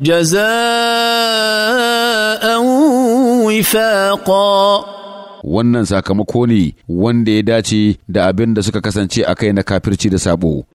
جزاء وفاقا wannan sakamako ne wanda ya dace da abin da suka kasance a kai na kafirci da sabo